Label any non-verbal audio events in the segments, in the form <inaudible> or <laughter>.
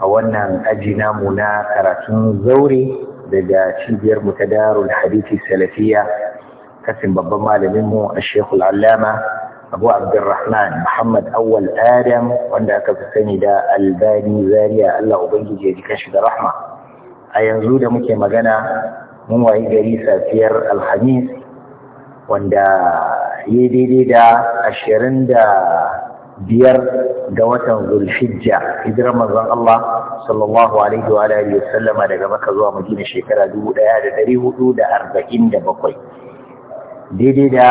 a wannan aji namu na karatun zaure daga cibiyar mu ta darul Hadithi salafiya kasin babban malamin mu a shekul allama abu abdurrahman muhammad awwal adam wanda aka fi sani da albani zaria allah ubangiji ya jika da rahma a yanzu da muke magana mun wayi gari safiyar alhamis wanda ya daidai da ashirin da biyar ga watan zulhijja hijirar manzon Allah sallallahu alaihi wa alihi wa sallama daga Makka zuwa Madina shekara 1447 daidai da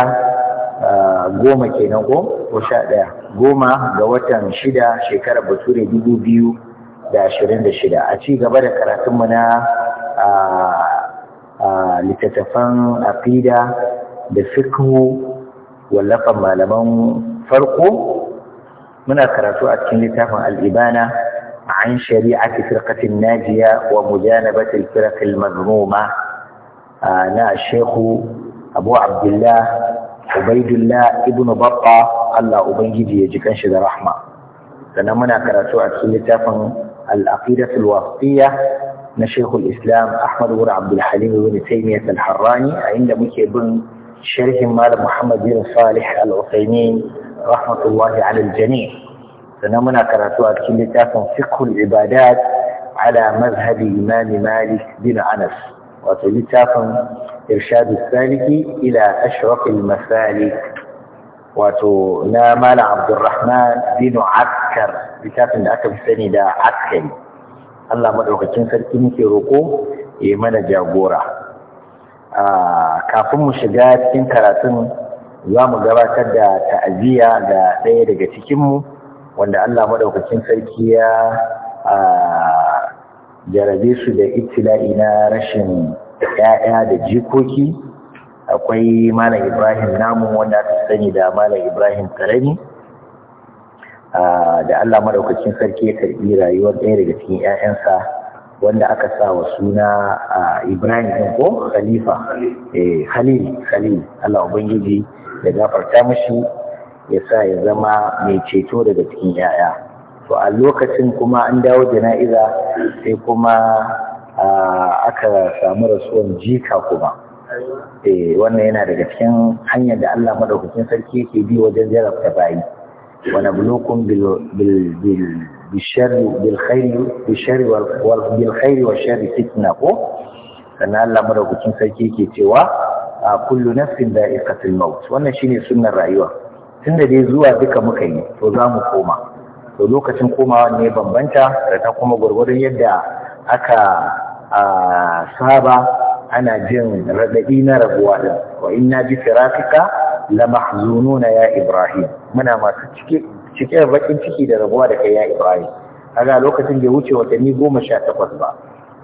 goma kenan ko ko sha ɗaya goma ga watan shida shekara bature dubu biyu da ashirin da shida a ci gaba da karatunmu na littattafan aqida da fikhu wallafan malaman farko muna karatu a cikin littafin al’ibana an shari'a ake firkatin najiya wa mujanabatul firqatil mazmuma na shehu abu abdullah ubaidullah ibnu babba allah ubangiji ya ji kanshi da rahma sannan muna karatu a cikin littafin al’aƙidatul wasiya na shehu islam ahmad wura abdulhalim ibn taimiyat al-harrani a inda muke bin sharhin Mallam muhammad bin salih al-usaimin رحمة الله على الجميع فنمنا كراتوا الكلتات فقه العبادات على مذهب إمام مالك بن عنس وكلتات إرشاد السالك إلى أشرق المسالك وتنا مال عبد الرحمن بن عسكر لتات من أكب سنة عسكر الله مدعوك تنسل كنتي ركو إيمان جابورا آه كافم شجاعات كنتراتن za mu gabatar da ta'aziyya ga ɗaya daga cikinmu wanda Allah maɗaukacin sarki ya jarabe su da itila'i na rashin ƴaƴa da jikoki akwai malam ibrahim namu wanda aka sani da malam ibrahim karami da allah madaukakin sarki ya karbi rayuwar ɗaya daga cikin ƴaƴansa. wanda aka sa wa suna ibrahim ko khalifa eh, khalil khalil allah ubangiji da gafarta mashi ya sa ya zama mai ceto daga cikin yaya to a lokacin kuma an dawo jana'iza sai kuma aka samu rasuwan jika kuma eh, wannan yana daga cikin hanyar da Allah madaukakin sarki yake bi wajen jarabta bayi wa nablukum bil bil bil bishari bil wa sharri fitna ko sannan Allah madaukakin sarki yake cewa A kullu nafsin da'iqatul maut wannan shine sunnar rayuwa tunda dai zuwa duka muka yi to za mu koma to lokacin komawa ne bambanta da ta kuma gurgurun yadda aka saba ana jin radadi na rabuwa da wa inna bi firaqika la mahzununa ya ibrahim muna masu cike cike bakin ciki da rabuwa da kai ya ibrahim kaga lokacin da wuce watanni 18 ba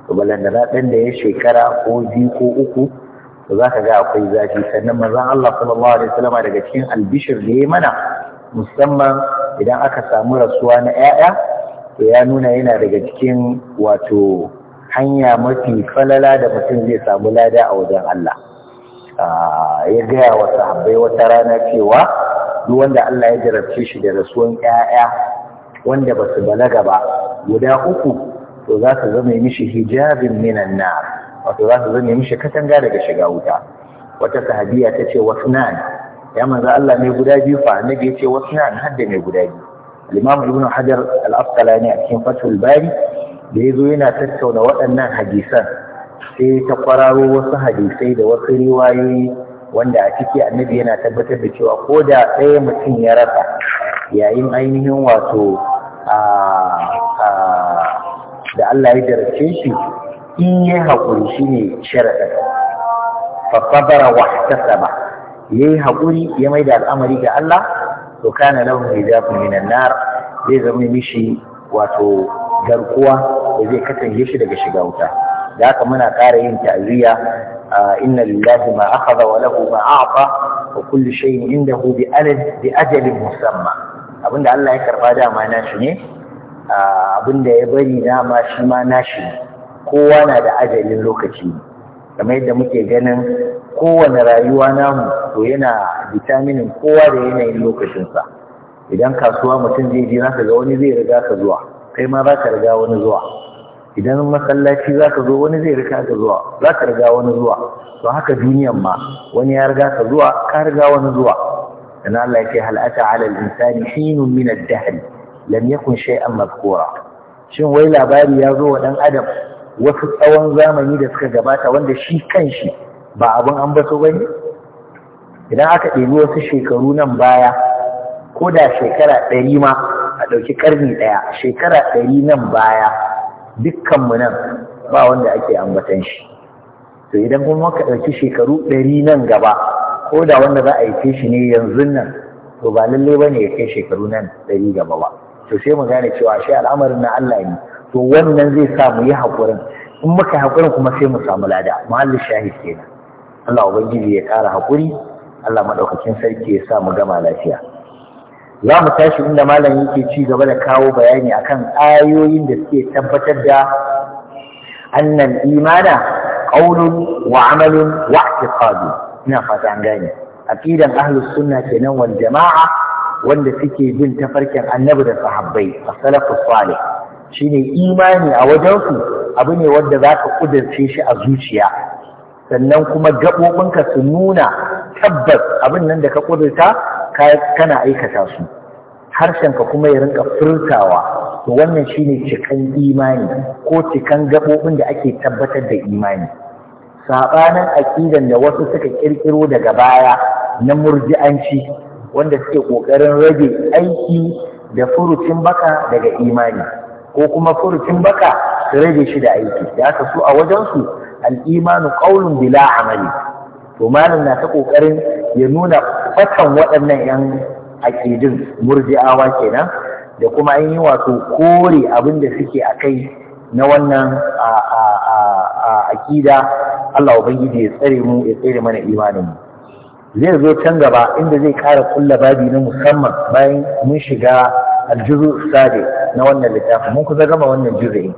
to balanda dan da ya shekara ko biyu ko uku to za ka ga akwai zafi sannan manzon Allah sallallahu alaihi wasallam daga cikin albishir da ya mana musamman idan aka samu rasuwa na 'ya'ya to ya nuna yana daga cikin wato hanya mafi falala da mutum zai samu lada a wajen Allah ya gaya wa sahabbai wata rana cewa duk wanda Allah ya jarabce shi da rasuwan 'ya'ya wanda ba su balaga ba guda uku to za su zama mishi hijabin minan nar wato za su zame mishi katanga daga shiga wuta wata sahabiya ta ce wasu nan ya manzo Allah mai guda biyu fa annabi ya ce wasu nan hadda mai guda biyu al-imam ibn hajar al-asqalani a cikin fathul bari da yazo yana tattauna waɗannan hadisan sai ta kwararo wasu hadisai da wasu riwayoyi wanda a ciki annabi yana tabbatar da cewa ko da ɗaya mutum ya rasa yayin ainihin wato da Allah ya jarabce shi in ya haƙuri shi ne sharaɗin wa saba ya yi haƙuri ya mai da al'amari ga Allah to kana lahu ku minan nar zai zama mishi wato garkuwa da zai katange shi daga shiga wuta da haka muna ƙara yin ta'aziyya inna lillahi ma akhadha wa lahu ma a'ta wa kullu shay'in indahu bi alad bi ajalin musamma abinda Allah ya karba dama nashi ne abinda ya bari dama shi ma nashi ne kowa na da ajalin lokaci kamar yadda muke ganin kowane rayuwa namu to yana bitaminin kowa da yanayin lokacinsa idan kasuwa mutum zai je zaka ga wani zai riga ka zuwa kai ma zaka riga wani zuwa idan masallaci zaka zo wani zai riga ka zuwa zaka riga wani zuwa to haka duniyan ma wani ya riga ka zuwa ka riga wani zuwa dan Allah ya hal ata ala al insani hinun min ad-dahr lam yakun shay'an madhkura shin wai labari ya zo wa dan adam wasu tsawon zamani da suka gabata wanda shi kan shi ba abin an baso bane idan aka ɗebi wasu shekaru nan baya ko da shekara ɗari ma a ɗauki ƙarni ɗaya shekara ɗari nan baya dukkanmu nan ba wanda ake ambatan shi to idan kuma muka ɗauki shekaru ɗari nan gaba ko da wanda za a yi shi ne yanzu nan to ba lallai ba ne ya kai shekaru nan ɗari gaba ba to sai mu gane cewa shi al'amarin na Allah ne to wannan zai sa mu yi haƙurin in muka haƙurin kuma sai mu samu lada muhallin shahid kenan Allah ubangiji ya ƙara haƙuri Allah maɗaukakin sarki ya sa mu gama lafiya za mu tashi inda malam yake ci gaba da kawo bayani akan ayoyin da suke tabbatar da annan imana qaulun wa amalun wa i'tiqadu ina fata an gane aqidan ahlus sunna kenan wal jama'a wanda suke bin tafarkin annabi da sahabbai as-salafus salih ne imani a wajensu abu ne wanda za ka ƙudurce shi a zuciya sannan kuma gaɓoɓinka su nuna tabbas abin nan da ka ƙudurta kana aikata su harshen ka kuma ya rinka furtawa to wannan shi ne cikan imani ko cikan gaɓoɓin da ake tabbatar da imani saɓanin aƙidan da wasu suka ƙirƙiro daga baya na murji'anci wanda suke ƙoƙarin rage aiki da furucin baka daga imani ko kuma furucin baka su rage shi da aiki da aka su a wajensu al'imanu ƙaunin bila amali to malam na ta ƙoƙarin ya nuna fatan waɗannan yan aƙidin murji'awa kenan da kuma an yi wato kore abin da suke a kai na wannan aƙida Allah Ubangiji ya tsare mu ya tsare mana imanin zai zo can gaba inda zai ƙara kulla babi na musamman bayan mun shiga aljuzu sade na wannan littafin mun kusa gama wannan juzu'i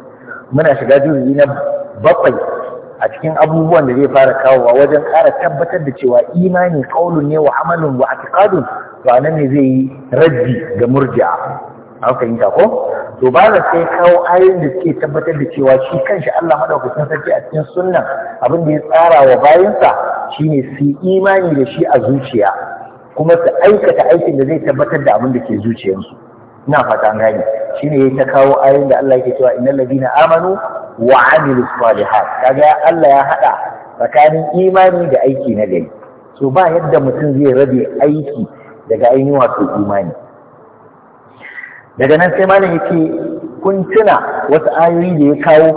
muna shiga juzu'i na bakwai a cikin abubuwan da zai fara kawowa wajen ƙara tabbatar da cewa imani kaulun ne wa amalun wa atiqadun to anan ne zai yi raddi ga murji'a an fahimta ko to ba za sai kawo ayoyin da suke tabbatar da cewa shi kanshi Allah madaukakin sarki a cikin sunnan abin da ya tsara wa bayansa shine su imani da shi a zuciya kuma su aikata aikin da zai tabbatar da abin da ke zuciyarsu ina fata an gane shine ya ta kawo ayoyin da Allah yake cewa innal ladina amanu wa amilu salihat kaga Allah ya hada tsakanin imani da aiki na gari so ba yadda mutum zai rabe aiki daga ainihin wato imani daga nan sai malam yake kun tuna wasu ayoyi da ya kawo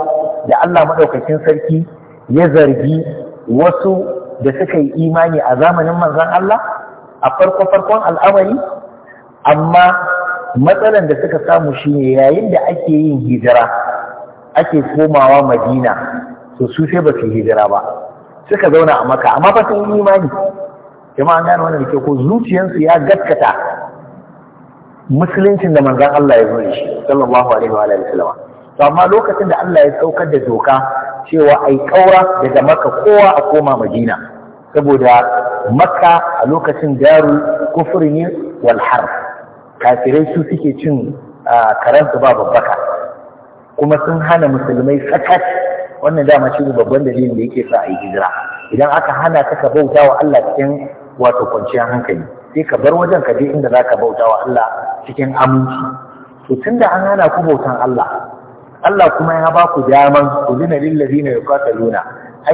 da Allah madaukakin sarki ya zargi wasu da suka yi imani a zamanin manzon Allah a farko farkon al'amari amma matsalan da suka samu shine yayin da ake yin hijira ake komawa madina to su sai ba su hijira ba suka zauna a maka amma ba sun yi imani jama'a gane wannan da ke ko zuciyarsu ya gaskata musuluncin da manzan Allah ya zo da shi sallallahu alaihi wa alihi wasallam to amma lokacin da Allah ya saukar da doka cewa ai kaura daga maka kowa a koma madina saboda makka a lokacin daru kufri ne wal harf kafirai su suke cin karansu ba babbaka kuma sun hana musulmai sakat wannan dama shi ne babban dalilin da yake sa a yi hijira idan aka hana ka ka bauta wa Allah cikin wato kwanciyar hankali sai ka bar wajen ka je inda za ka bauta wa Allah cikin aminci to tun da an hana ku bautan Allah Allah kuma ya ba ku daman ku zina lillazina yuqataluna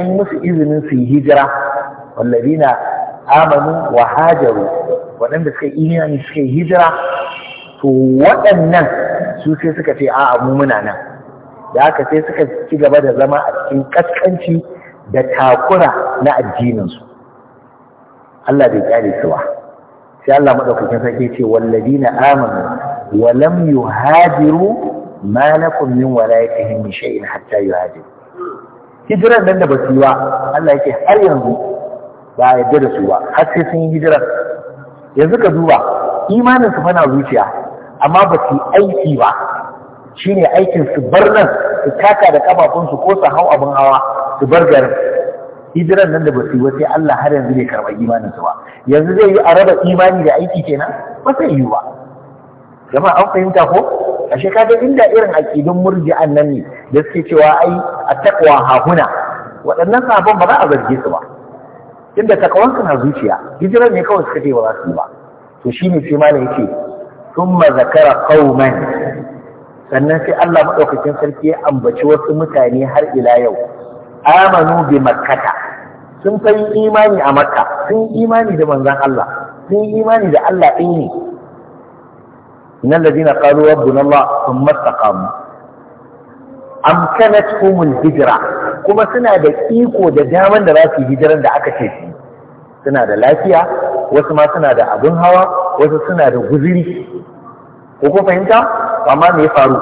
an yi musu izinin su yi hijira wallazina amanu wa hajaru waɗanda suka imani suka hijira to waɗannan su sai suka ce a'a mu muna nan da haka sai suka ci gaba da zama a cikin ƙasƙanci da takura na addininsu Allah bai kyale su ba sai Allah madaukakin sarki ce na amanu wa lam yuhajiru ma lakum min walayatihim min shay'in hatta yuhajiru hijiran nan da basu yi ba Allah yake har yanzu ba a yarda da su ba har sai sun yi hijiran yanzu ka duba imanin su fana zuciya amma ba su aiki ba Shi ne aikin su bar nan su taka da kafafunsu ko su hau abin hawa su bar garin hijiran nan da ba su yi sai Allah har yanzu bai karɓar imanin su ba yanzu zai yi a raba imani da aiki kenan ba sai yi ba jama'a an fahimta ko ashe shekaru inda irin aqidun murji'an nan ne da suke cewa ai a takwa hahuna waɗannan sabon ba za a zarge su ba inda takawanka na zuciya hijirar ne kawai suka ce ba za su yi ba to shi ne sai malam yake thumma zakara qauman sannan sai Allah maɗaukacin sarki ya ambaci wasu mutane har ila yau amanu bi makkata sun fa imani a makka sun imani da manzon Allah sun imani da Allah ɗin ne innal ladina qalu rabbuna Allah thumma istaqamu amkanat humul hijira kuma suna da iko da daman da za su hijiran da aka ce su suna da lafiya wasu ma suna da abin hawa wasu suna da guziri ko ku fahimta amma me ya faru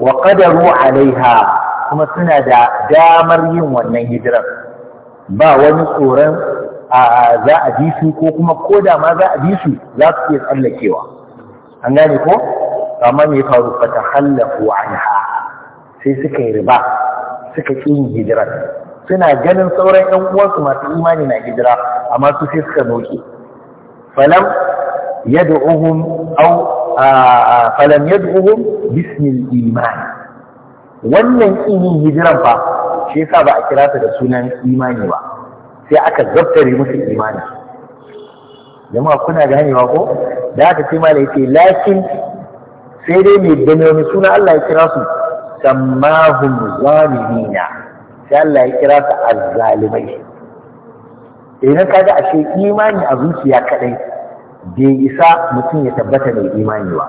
wa qadaru alaiha kuma suna da damar yin wannan hijiran ba wani tsoron za a bi su ko kuma ko da ma za a bi su za su iya tsallakewa an gane ko amma me ya faru fatahallafu anha sai suka yi riba suka ƙi yin hijira suna ganin sauran ƴan uwansu masu imani na hijira amma su sai suka noke falam yad'uhum aw falam yad'uhum bismil iman wannan yin hijiran fa shi yasa ba a kira ta da sunan imani ba sai aka zaftare musu imani jama'a kuna ganewa ko da aka ce mala yace lakin sai dai mai da wani suna Allah ya kira su sammahum zalimina sai Allah ya kira su azzalimai idan kaga ashe imani a zuciya kadai bai isa mutum ya tabbata mai imani ba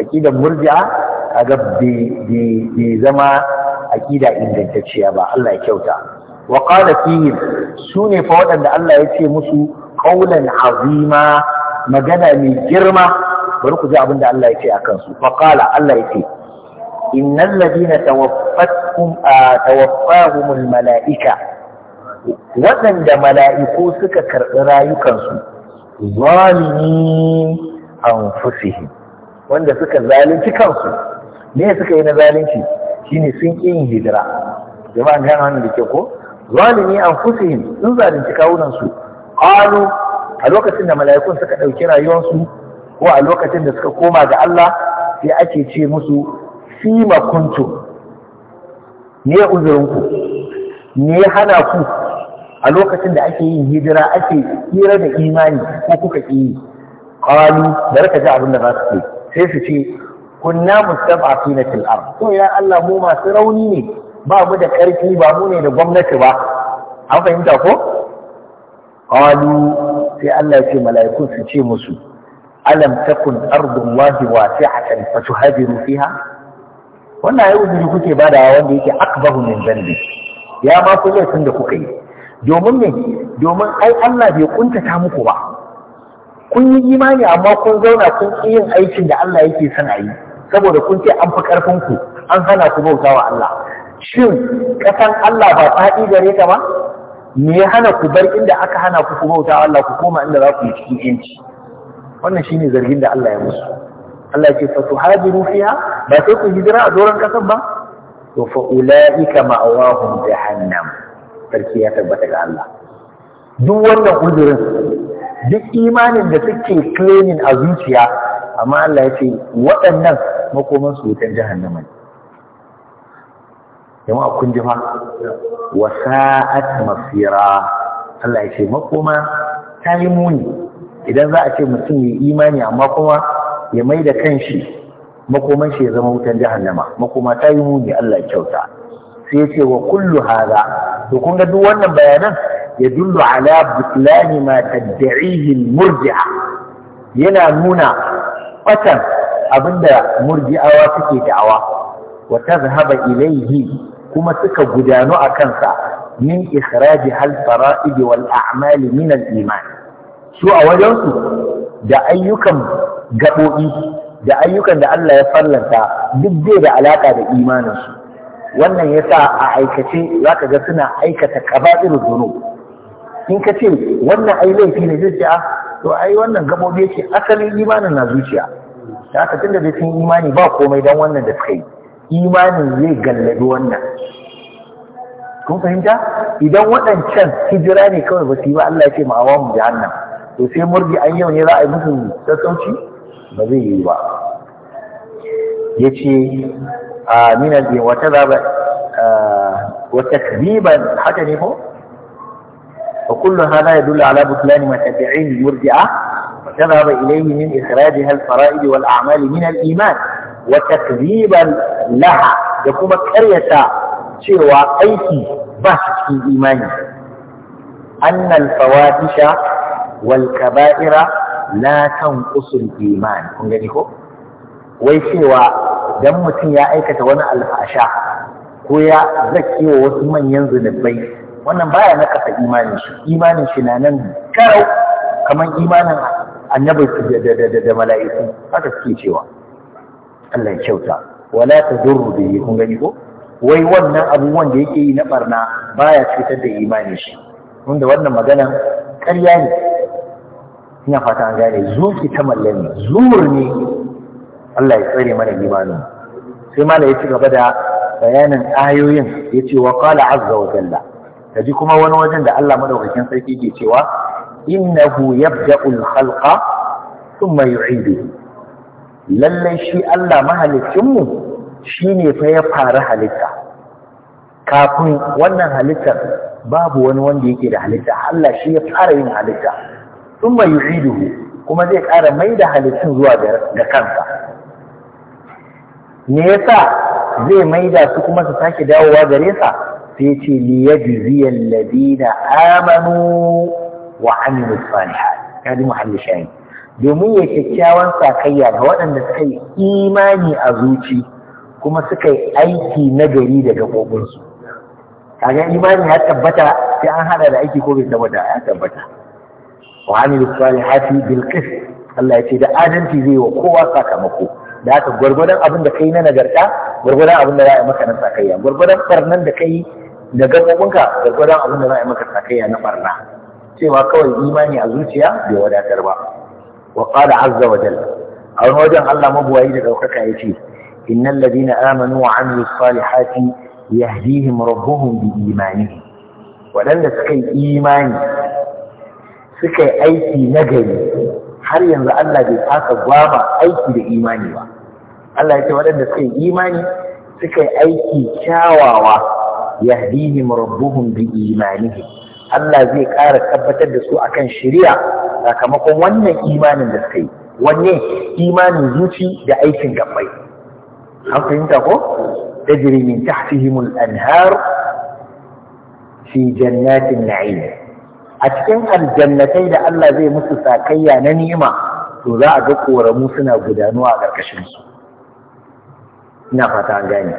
aqidan murji'a kaga bai zama aqida ingantacciya ba Allah ya kyauta wa qala fihim sune fa waɗanda Allah ya ce musu qawlan azima magana mai girma bari ku ji abin da Allah ya ce akan su fa qala Allah ya ce إن الذين mala'ika, waɗanda توفاهم الملائكة وزند ملائكو سكا رايكا ظالمين أنفسهم wanda suka zalunci kansu me suka yi na zalunci shine sun ƙi yin hijira jama'an gane wannan da ke ko zalimi an fusihim sun zalunci kawunansu. su a lokacin da mala'ikun suka ɗauki rayuwarsu ko a lokacin da suka koma ga Allah sai ake ce musu fima kuntu ne uzurinku ne hana ku a lokacin da ake yin hijira ake hira da imani ko kuka ki qalu da raka ji abin da za su ce sai su ce kunna mustad'afina na til'ar. to ya Allah mu masu rauni ne ba mu da karfi ba mu ne da gwamnati ba an fahimta ko qalu sai Allah ce mala'iku su ce musu alam takun ardullahi wasi'atan fatuhajiru fiha wannan ya uzuri kuke a wanda yake akbahu min zambi ya ma ku laifin da kuka yi domin ne domin ai Allah bai kuntata muku ba kun yi imani amma kun zauna kun ki yin aikin da Allah yake son a yi saboda kun ce an fi ƙarfin ku an hana ku bauta wa Allah shin kasan Allah ba fadi gare ka ba me ya hana ku bar inda aka hana ku ku bauta wa Allah ku koma inda za ku yi cikin yanci wannan shine zargin da Allah ya musu Allah ce fa tuhajiru fiha ba sai ku hijira a doron kasar ba to fa ulaika ma'awahum jahannam sarki ya tabbata ga Allah duk wannan uzurin duk imanin da suke claiming a zuciya amma Allah ya ce waɗannan makoman su wutan jahannama ne jama'a kun ji fa wa sa'at masira Allah ya ce makoma ta yi muni idan za a ce mutum ya imani amma kuma ya mai da kanshi makoman shi ya zama wutan jahannama makoma ta yi muni Allah kyauta sai ce wa kullu hada to kun ga duk wannan bayanan ya dullu ala butlani ma tad'ihi murji'a yana nuna batan abinda murji'awa suke da'awa wa tazhaba ilayhi kuma suka gudano a kansa min ikhraji hal fara'id wal a'mal min al iman su a wajensu da ayyukan gaɓoɓi da ayyukan da Allah ya fallanta duk zai da alaƙa da imaninsu wannan ya sa a aikace za ka ga suna aikata ƙaba'irin zuru in ka ce wannan ai laifi ne zai ce a ah, to ai wannan gaɓoɓi yake asalin imanin na zuciya ta haka tun da zai sun imani ba komai don wannan da suka yi imanin zai gallabi wannan kun fahimta idan waɗancan hijira ne kawai ba su yi ba Allah ya ce ma'awa mu jahannam to sai murji an yau ne za a yi musu sassauci ba zai yi ba ya ce a minar din wata وكل هذا يدل على بطلان متابعين المرجئة وتذهب إليه من إخراجها الفرائد والأعمال من الإيمان وتكذيبا لها يقوم كرية سوى أيكي بحث في إيمانه أن الفواحش والكبائر la tanqusul iman kun gani ko wai cewa dan mutum ya aikata wani alfasha ko ya zaki wa wasu manyan zunubai wannan baya nakasa imanin shi imanin shi na nan karau kamar imanin annabi da mala'iku haka suke cewa Allah ya kyauta wala tadurru bihi kun gani ko wai wannan abubuwan da yake yi na barna baya cutar da imanin shi wanda wannan magana ƙarya ne ina fata an gane zuci ta mallami zuhur ne Allah ya tsare mana imanin sai mala ya ci gaba da bayanin ayoyin ya ce wa qala azza wa jalla kaji kuma wani wajen da Allah madaukakin sarki ke cewa innahu yabda'ul khalqa thumma yu'idu lallai shi Allah mahalicinmu shi ne fa ya fara halitta kafin wannan halittar babu wani wanda yake da halitta Allah shi ya fara yin halitta sun yi yu'iduhu kuma zai ƙara mai da halittun zuwa ga kansa me ya sa zai mai da su kuma su sake dawowa gare sa sai ce jiziyar yajziyal ladina amanu wa amilus ya ji muhalli shayi domin ya kyakkyawan sakayya ga waɗanda suka yi imani a zuci kuma suka yi aiki nagari daga ƙoƙonsu kaga imani ya tabbata sai an haɗa da aiki ko bai tabbata ya tabbata wa amilu salihati bil qist Allah ya ce da adalci zai wa kowa sakamako da haka gwargwadon abin da kai na nagarta gwargwadon abin da za a yi maka na sakayya gwargwadon barnan da kai da gabobinka gwargwadon abin da za a yi maka sakayya na barna cewa kawai imani a zuciya bai wadatar ba wa qala azza wa jalla a wani wajen Allah mabuwayi da daukaka ya ce innal ladina amanu wa amilu salihati yahdihim rabbuhum bi imanihim waɗanda suka yi imani suka yi aiki na gari har yanzu Allah bai fasa gwaba aiki da imani ba Allah ya ce waɗanda suka yi imani suka yi aiki kyawawa dini rabbuhum bi imani Allah zai ƙara tabbatar da su akan shari'a sakamakon wannan imanin da suka yi wanne imanin zuci da aikin gabbai an fahimta ko tajri min tahtihim anhar fi jannatin na'im a cikin aljannatai da Allah zai musu sakayya na ni'ima to za a ga koramu suna gudanuwa a ƙarƙashin su ina fata an gane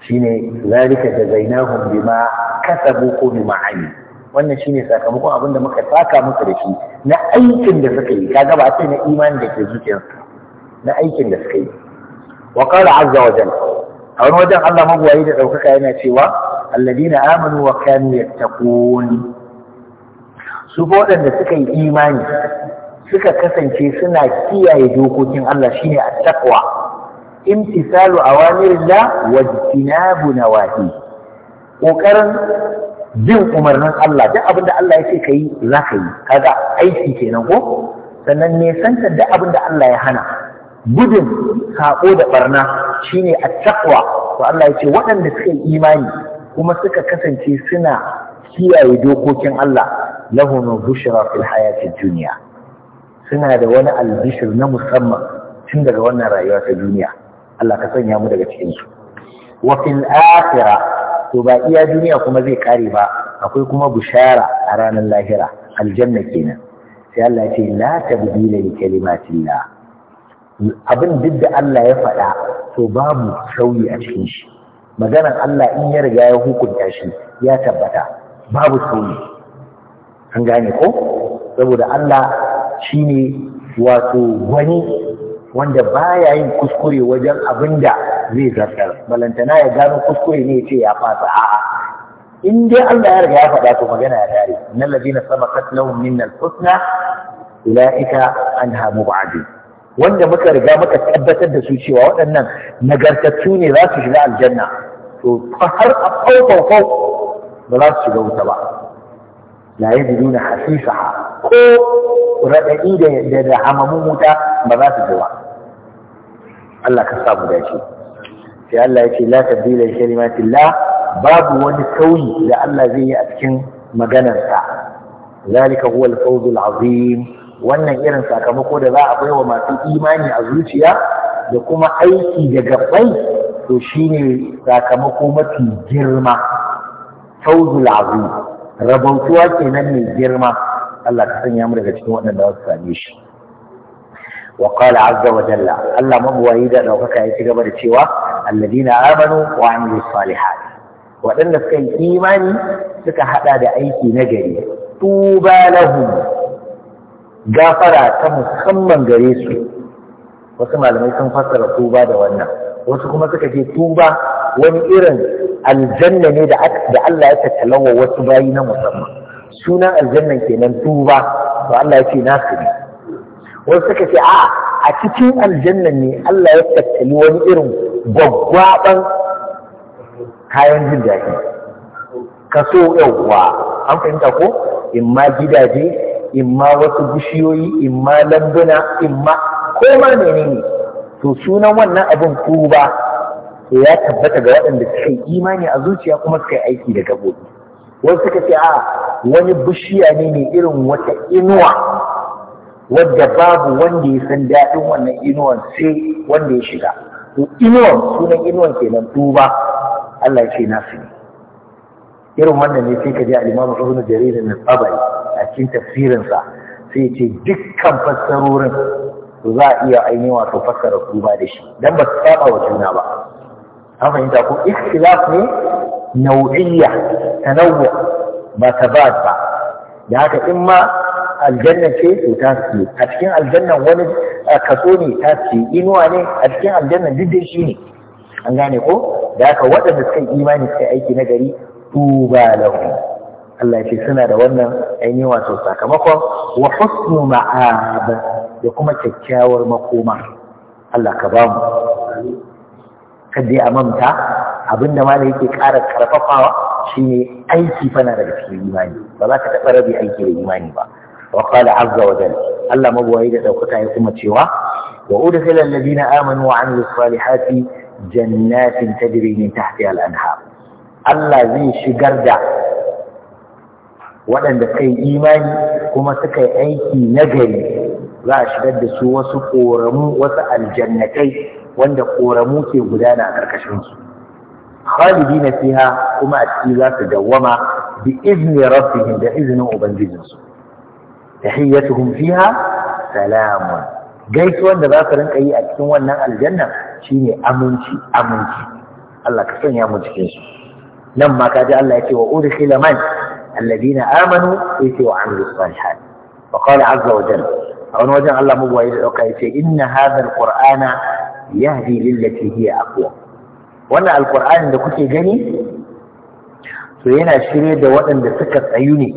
shine zalika jazainahum bima kasabu ko bima amil wannan shine sakamakon abin da muka saka musu da shi na aikin da suka yi kaga ba sai na imani da ke zuciyarsu na aikin da suka yi wa qala azza wa jalla a wani wajen Allah magwayi da daukaka yana cewa alladina amanu wa kanu yattaqun su waɗanda suka yi imani suka kasance suna kiyaye dokokin Allah shine at-taqwa imtisalu awamirillah wa na nawahi kokarin bin umarnin Allah duk abin da Allah ya ce kai za ka yi kaga aiki kenan ko sannan ne santar da abin da Allah ya hana gudun sako da barna shine at-taqwa to Allah ya ce waɗanda suka yi imani kuma suka kasance suna kiyaye dokokin Allah lahum bushra fil hayati dunya suna da wani albishir na musamman tun daga wannan rayuwa ta duniya Allah ka sanya mu daga cikin su wa fil akhirah to ba iya duniya kuma zai kare ba akwai kuma bushara a ranar lahira aljanna kenan sai Allah ya ce la tabdila li kalimatillah abin duk da Allah ya faɗa to babu sauyi a cikin shi maganar Allah in ya riga ya hukunta shi ya tabbata babu sauyi an gane ko saboda Allah shine wato wani wanda baya yin kuskure wajen abin da zai zartar balantana ya gano kuskure ne ce ya fasa a'a in dai Allah ya riga ya faɗa to magana ya tare innal ladina sama lahum minnal husna ulaika anha ba'adi wanda muka riga muka tabbatar da su cewa waɗannan nagartattu ne za su shiga aljanna to har a faufau ba za su shiga wuta ba la yajiduna hasisaha ko raɗaɗi da da hamamun wuta ba za su ba Allah ka sa mu dace sai Allah ya ce la tabdila li babu wani sauyi da Allah zai yi a cikin maganarsa zalika huwa al-fawzul azim wannan irin sakamako da za a baiwa masu imani a zuciya da kuma aiki da gabbai to shine sakamako mafi girma fawzul azim rabautuwa kenan mai girma Allah ka sanya mu daga cikin waɗanda wasu same shi wa qala azza wa jalla Allah mabuwayi da daukaka ya ci gaba da cewa alladina amanu wa amilus salihat waɗanda suka yi imani suka hada da aiki na gari tuba lahum gafara ta musamman gare su wasu malamai sun fassara tuba da wannan wasu kuma suka ce tuba wani irin aljanna ne da Allah ya tattalawa wasu bayi na musamman suna aljanna kenan tuba to Allah ya ce na ne wasu suka ce a a cikin aljanna ne Allah ya tattali wani irin gwaggwaban kayan jin daɗi kaso yawwa an fahimta ko ma gidaje In ma wasu bishiyoyi ma lambuna In ma koma menene to sunan wannan abin tuba to ya tabbata ga waɗanda suka yi imani a zuciya kuma suka yi aiki da gabobi wasu suka ce a wani bishiya ne ne irin wata inuwa wadda babu wanda ya san daɗin wannan inuwan sai wanda ya shiga to inuwan sunan inuwan kenan duba Allah ce nasu ne irin wannan ne sai ka ji al-Imam Ibn Jarir al-Tabari a cikin tafsirinsa sai ce dukkan fassarorin za a iya ainihin wato fassara duba da shi dan ba su saba wa juna ba an fahimta ko ikhtilaf ne nau'iyya tanawwu ba tabad ba da haka in ma aljanna ce to ta a cikin aljanna wani kaso ne ta inuwa ne a cikin aljanna duk dai shi ne an gane ko da haka waɗanda suka yi imani suka aiki na gari tuba lahu Allah ce suna da wannan ainihin wato sakamakon wa husnu ma'ab da kuma kyakkyawar makoma Allah ka bamu Kadai a mamta abinda Malam yake ƙara karfafawa shine aiki fana daga cikin imani ba za ka taɓa rabi aiki da imani ba wa qala azza wa jalla Allah mabuwayi da daukaka ya kuma cewa wa udkhila alladhina amanu wa amilus salihati jannatin tajri min tahtiha al-anhar Allah zai shigar da waɗanda kai imani kuma suka yi aiki nagari za a shigar da su wasu ƙoramu wasu aljannatai wanda ƙoramu ke gudana a karkashin su na fiha kuma a ciki za su dawwama bi izni rabbihim da iznin ubangijinsu su tahiyyatuhum fiha salamun gaisuwan da za su rinka yi a cikin wannan aljanna shine aminci aminci Allah ka sanya mu cikin su nan ma ji Allah ya ce wa udkhila man alladina amanu yace wa amilus salihat wa qala azza wa jalla a wani wajen Allah mugwaye da ya yace inna hadha alqur'ana yahdi lillati hiya aqwa wannan alqur'ani da kuke gani to yana shirye da waɗanda suka tsayu ne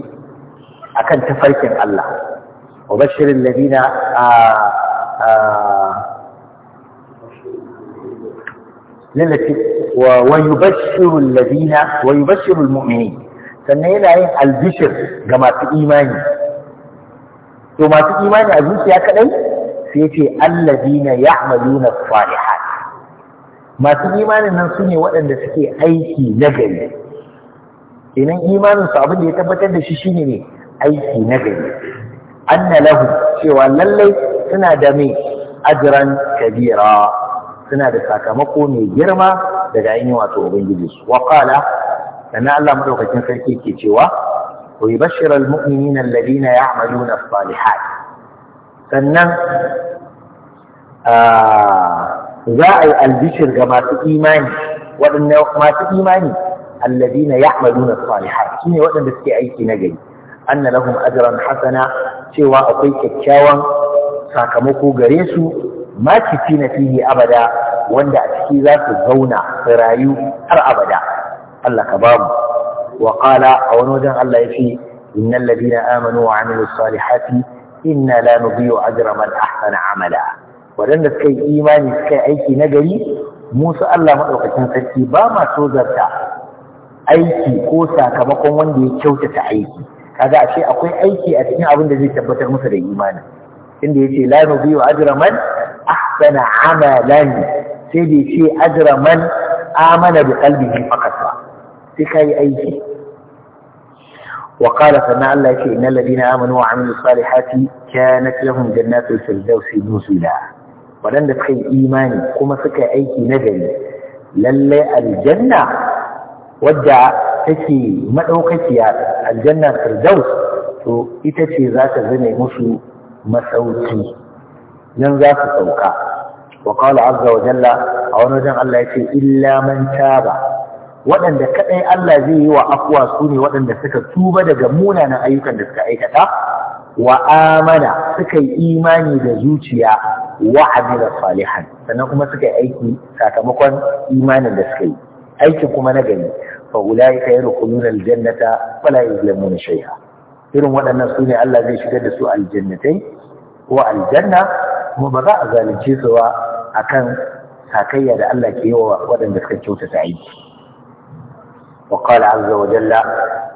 akan tafarkin Allah wa bashirin ladina a lillati wa yubashshiru alladina wa yubashshiru almu'minin sannan yana yin albishir ga masu imani to masu imani a zuciya kadai sai ce allazina ya'maluna salihat masu imanin nan sune waɗanda suke aiki nagari, gari idan imanin su abin da ya tabbatar da shi shine ne aiki na gari anna lahu cewa lallai suna da mai ajran kabira suna da sakamako mai girma daga ainihin wato ubangiji su wa qala sannan Allah madaukakin sarki ke cewa wa yubashshiral mu'minina alladhina ya'maluna as-salihat sannan za a yi albishir ga masu imani waɗanda masu imani alladina ya'maluna salihat ne waɗanda suke aiki na gari anna lahum ajran hasana cewa akwai kyakkyawan sakamako gare su ma na fiye abada wanda a ciki za su zauna su rayu har abada Allah ka bamu wa a wani wajen Allah ya ce innal ladina amanu wa amilus salihati inna la nubiyu ajra man ahsana amala wadanda suka yi imani suka yi aiki na gari mu su Allah madaukakin sarki ba ma zarta aiki ko sakamakon wanda ya kyautata aiki kaga ashe akwai aiki a cikin abin da zai tabbatar musu da imani inda yace la nubiyu ajra man ahsana amalan sai da yace ajra man amana bi qalbihi faqat sai kai aiki وقال فما الله يكي إن الذين آمنوا وعملوا الصالحات كانت لهم جنات الفردوس نزلا ولن تدخل إيماني كما سكا أيكي نجري للي الجنة ودع تكي مدوكتي الجنة الفردوس to ita ce za ta zane musu masauki nan za su sauka wa qala azza wa jalla a wani wajen Allah ya ce illa man taba waɗanda kaɗai Allah zai yi wa afuwa su ne waɗanda suka tuba daga munanan ayyukan da suka aikata wa amana suka yi imani da zuciya wa amila salihan sannan kuma suka yi aiki sakamakon imanin da suka yi aikin kuma na gari fa ulaika yadkhuluna aljannata wala yuzlamuna shay'a irin waɗannan su ne Allah zai shigar da su aljannatai ko aljanna kuma ba za a zalunce su ba akan sakayya da Allah ke yi wa waɗanda suka kyautata aiki wa qala azza wa jalla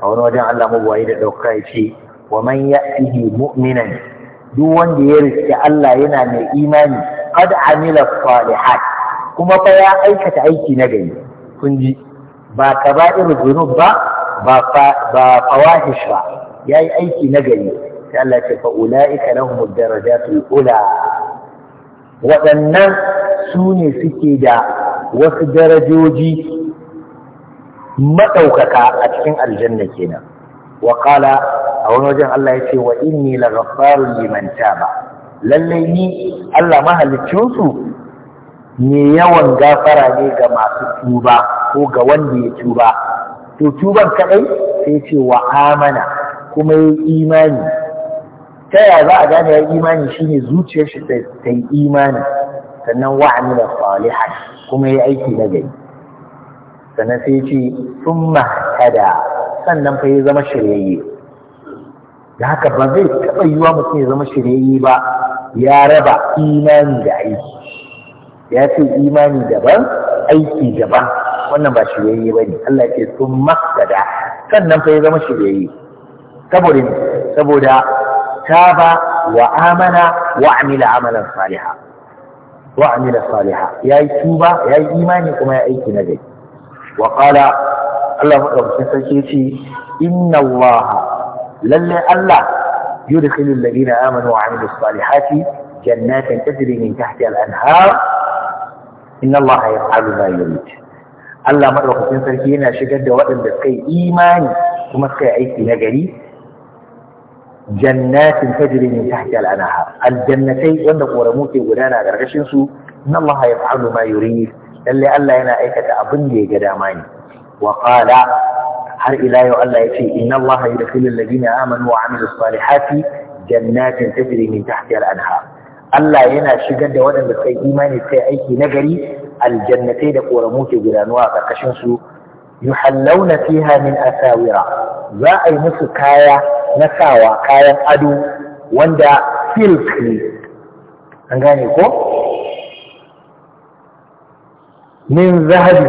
a wani wajen Allah mabuwayi da ɗauka ya ce wa man ya'tihi mu'minan duk wanda ya riske Allah yana mai imani qad amila salihat kuma fa ya aikata aiki na gari kun ji ba kaba'ir zunub ba ba fawahish ba yayi aiki na gari sai Allah ce fa ulaika lahum darajatul ula waɗannan su ne suke da wasu darajoji maɗaukaka a cikin aljanna kenan wa qala a wani wajen Allah ya ce wa inni la ghaffarun liman taba lalle ni Allah mahalicin ne yawan gafara ne ga masu tuba ko ga wanda ya tuba to tuban kadai sai ce wa amana kuma ya imani ta yaya za a gane ya imani shine zuciyar shi ta yi imani sannan wa amila salihan kuma ya aiki na gari sannan sai ce sun mahtada sannan fa ya zama shiryayye da haka ba zai taɓa yiwa mutum ya zama shiryayye ba ya raba imani da aiki ya ce imani daban aiki daban wannan ba shiryayye ba ne Allah ce sun mahtada sannan fa ya zama shiryayye saboda saboda ba wa amana wa amila amalan saliha wa amila saliha yi tuba ya yi imani kuma ya aiki na gari Waƙala! qala Allah madaukakin sarki yace inna Allah lalle Allah yudkhilu alladhina amanu wa amilus salihati jannatin tajri min tahtiha al-anhar inna Allah yaf'alu ma yurid Allah madaukakin sarki yana shigar da waɗanda suka yi imani kuma suka yi aiki na gari jannatin tajri min tahtiha al-anhar aljannatai wanda koramu ke gudana a gargashin su inna Allah yaf'alu ma yurid lallai Allah yana aikata abin da ya ga dama ne wa qala har ila yau Allah ya ce inna Allah da ladina amanu wa amilus salihati jannatin tajri min tahtiha al-anhar Allah yana shigar da waɗanda suka yi imani suka aiki na gari aljannatai da koramu ke gudanuwa a ƙarƙashin su yuhallawna fiha min asawira za a yi musu kaya na sawa kayan ado wanda silk ne an gane ko min zahabi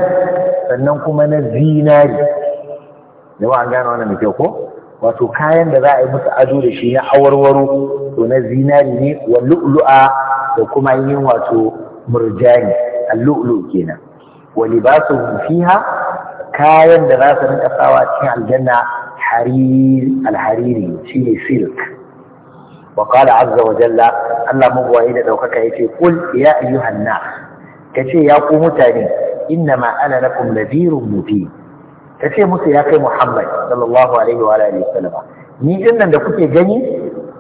sannan kuma na zinari an gane wannan da kyau ko wato kayan da za a yi musu ado da shi na awarwaro to na zinari ne wa lu'lu'a da kuma yin wato murjani al-lu'lu kenan wa libasuhum fiha kayan da za su rinka sawa cikin aljanna harir al-hariri shine silk wa qala azza wa jalla Allah mabwayi da daukaka yace kul ya ayyuhan nas ka ce ya ku mutane inna ma ana lakum nadhirun mubin ka ce musu ya kai Muhammad sallallahu alaihi wa alihi ni din nan da kuke gani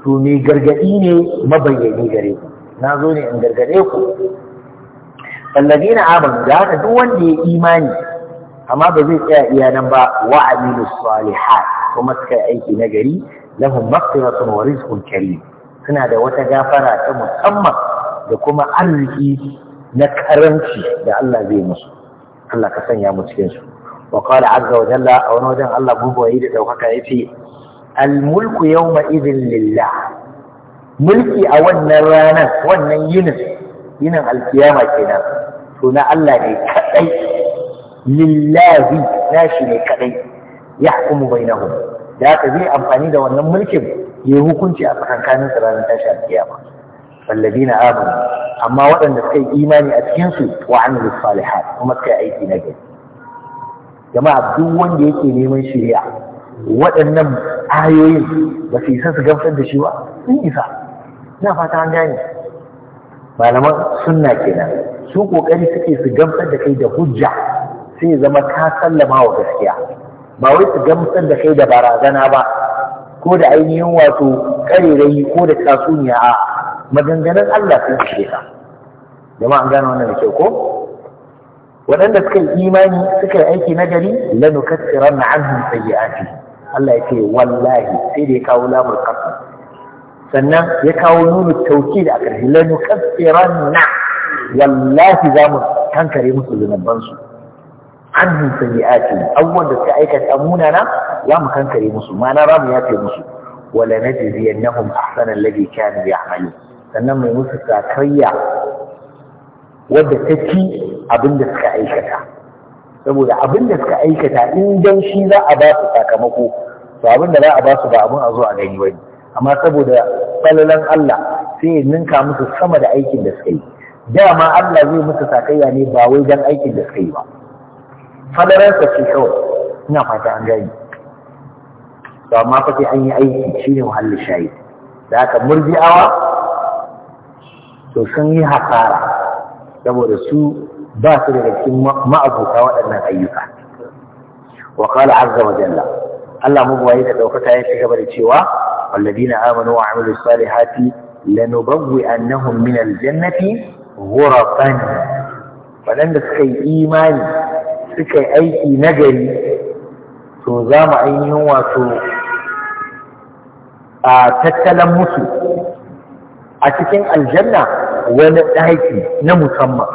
to me gargadi ne mabayyani gare ku na zo ne in gargade ku na amanu da haka duk wanda ya imani amma ba zai tsaya iya nan ba wa amilu salihat kuma suka aiki na gari lahum maghfiratun wa rizqun karim suna da wata gafara ta musamman da kuma arziki na karanci da Allah zai musu Allah ka sanya mu cikin su wa qala azza wa jalla a wani wajen Allah bubayi da daukaka yace al mulku yawma idhin lillah mulki a wannan ranar wannan yinin yinin alkiyama kenan to na Allah ne kadai lillahi nashi ne kadai bai bainahum da haka zai amfani da wannan mulkin ya hukunci a tsakankanin ranar tashi alkiyama والذين آمنوا أما وأن تكي إيماني أتكنسوا وعملوا الصالحات وما تكي أيدي نجد جماعة دون يكي نيمن شريعة waɗannan ayoyin ba su isa su gamsar da shi ba sun isa na fata an gane malaman sunna kenan su kokari suke su gamsar da kai da hujja sai zama ka sallama wa gaskiya ba wai su gamsar da kai da barazana ba ko da ainihin wato karerai ko da tatsuniya A'a. maganganun Allah sun ce ka jama'a an gane wannan da kyau ko waɗanda suka yi imani suka yi aiki na gari lanu kassiran na an hun sayyi'ati Allah ya ce wallahi sai da ya kawo lamur kafin sannan ya kawo nuna tauki da akar lanu kassiran na wallahi za mu kankare musu zunubansu an hun sayyi'ati abubuwan da suka aikata munana za mu kankare musu ma'ana ramu ya ce musu wala najziyannahum ahsana alladhi kanu ya'malun sannan mai musu sakayya wadda ta ci abin da suka aikata saboda abin da suka aikata in dan shi za a ba su sakamako to abin da za a ba su ba abin a zo a gani wani amma saboda falalan Allah sai ya ninka musu sama da aikin da suka yi dama Allah zai musu sakayya ne ba wai dan aikin da suka yi ba falalarsa ce kawai ina fata an gani to amma fa sai an yi aiki shine muhallin shayi da haka murji'awa to sun yi hasara saboda su ba su daga cikin ma'abuta waɗannan ayyuka wa qala azza wa jalla Allah mubawai da daukaka ya ci gaba da cewa walladina amanu wa amilu salihati lanubawwi annahum min aljannati ghurafan waɗanda suka yi imani suka yi aiki nagari to za mu ainihin wato a tattalin musu a cikin aljanna wani ɗaki na musamman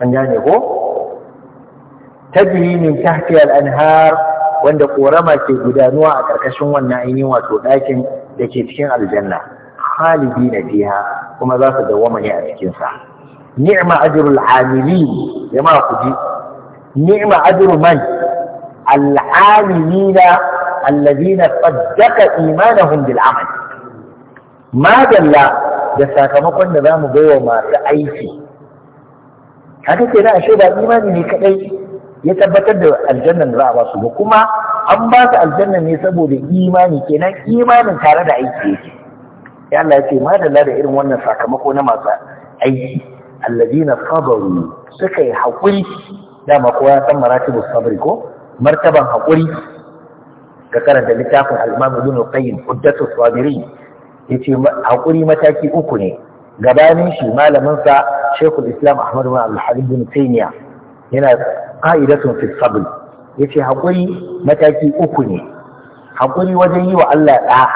an gane ko tajri min tahti al-anhar wanda korama ke gudanuwa a ƙarƙashin wannan ainihin wato ɗakin da ke cikin aljanna khalidi na fiha kuma za su dawwama ne a cikin sa ni'ma ajrul amilin jama'a ku ji ni'ma ajru man al-amilina alladhina saddaqa imanuhum bil amal ma dalla da sakamakon da za mu baiwa masu aiki haka ke na ashe ba imani ne kadai ya tabbatar da aljannan da za a ba su ba kuma an ba su aljannan ne saboda imani kenan imanin tare da aiki yake ya Allah ya ce madalla da irin wannan sakamako na masu aiki alladina sabaru suka yi haƙuri dama kowa ya san maratibu sabri ko martaban haƙuri ka karanta littafin al-imam ibn qayyim uddatu sabirin ya ce haƙuri mataki uku ne gabanin shi malaminsa shekul islam ahmadu bin alhalin taimiya yana ƙa'idatun fi sabul ya ce haƙuri mataki uku ne haƙuri wajen yi wa Allah ɗa'a